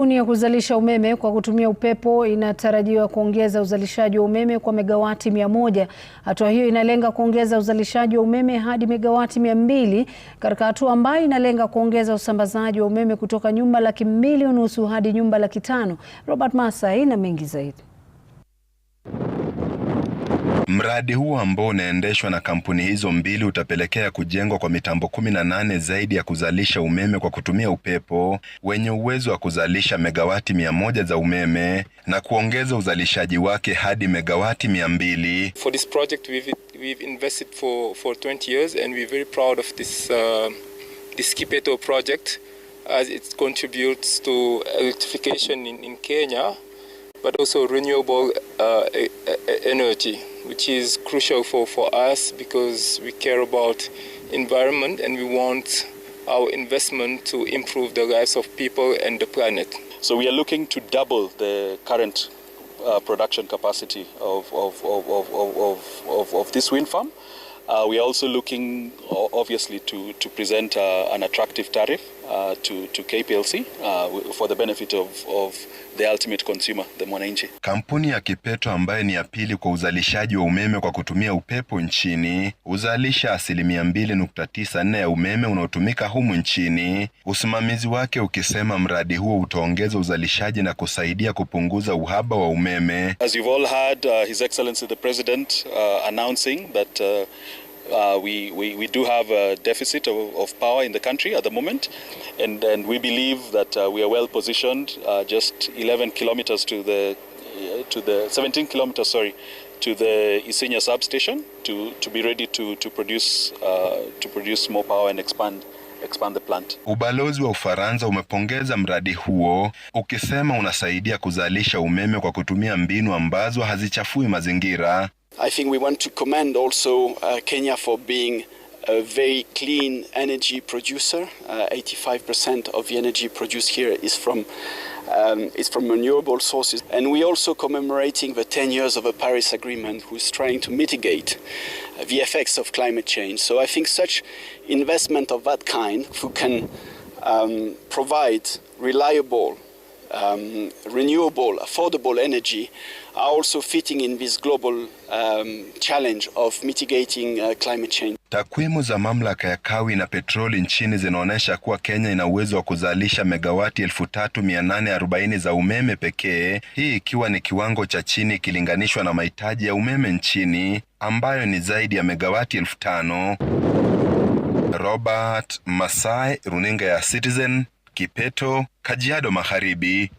Kampuni ya kuzalisha umeme kwa kutumia upepo inatarajiwa kuongeza uzalishaji wa umeme kwa megawati mia moja. Hatua hiyo inalenga kuongeza uzalishaji wa umeme hadi megawati mia mbili katika hatua ambayo inalenga kuongeza usambazaji wa umeme kutoka nyumba laki mbili unusu hadi nyumba laki tano. Robert Masai na mengi zaidi. Mradi huo ambao unaendeshwa na kampuni hizo mbili utapelekea kujengwa kwa mitambo 18 zaidi ya kuzalisha umeme kwa kutumia upepo wenye uwezo wa kuzalisha megawati 100 za umeme na kuongeza uzalishaji wake hadi megawati 200. For this project we've, we've invested for, for 20 years and we're very proud of this, uh, this Kipeto project as it contributes to electrification in, in Kenya but also renewable uh, e, e, e, energy. which is crucial for, for us because we care about environment and we want our investment to improve the lives of people and the planet. So we are looking to double the current uh, production capacity of, of, of, of, of, of, of this wind farm. Uh, we are also looking, obviously, to, to present uh, an attractive tariff Uh, to, to KPLC uh, for the benefit of, of the ultimate consumer, the mwananchi. Kampuni ya Kipeto ambaye ni ya pili kwa uzalishaji wa umeme kwa kutumia upepo nchini huzalisha asilimia 2.94 ya umeme unaotumika humu nchini, usimamizi wake ukisema mradi huo utaongeza uzalishaji na kusaidia kupunguza uhaba wa umeme. As you've all heard, uh, His Excellency the President uh, announcing that uh, Uh, we, we, we do have a deficit of, of, power in the country at the moment, and, and we believe that uh, we are well positioned, uh, just 11 kilometers to the, uh, to the 17 kilometers, sorry, to the Isinya substation to, to be ready to, to, produce, uh, to produce more power and expand expand the plant. Ubalozi wa Ufaransa umepongeza mradi huo ukisema unasaidia kuzalisha umeme kwa kutumia mbinu ambazo hazichafui mazingira. I think we want to commend also uh, Kenya for being a very clean energy producer. Uh, 85% of the energy produced here is from um, is from renewable sources. And we're also commemorating the 10 years of the Paris Agreement, who's trying to mitigate uh, the effects of climate change. So I think such investment of that kind, who can um, provide reliable um, renewable, affordable energy are also fitting in this global um, challenge of mitigating uh, climate change. Takwimu za mamlaka ya kawi na petroli nchini zinaonyesha kuwa Kenya ina uwezo wa kuzalisha megawati 3840 za umeme pekee, hii ikiwa ni kiwango cha chini ikilinganishwa na mahitaji ya umeme nchini ambayo ni zaidi ya megawati 5000. Robert Masai, runinga ya Citizen Kipeto, Kajiado Magharibi,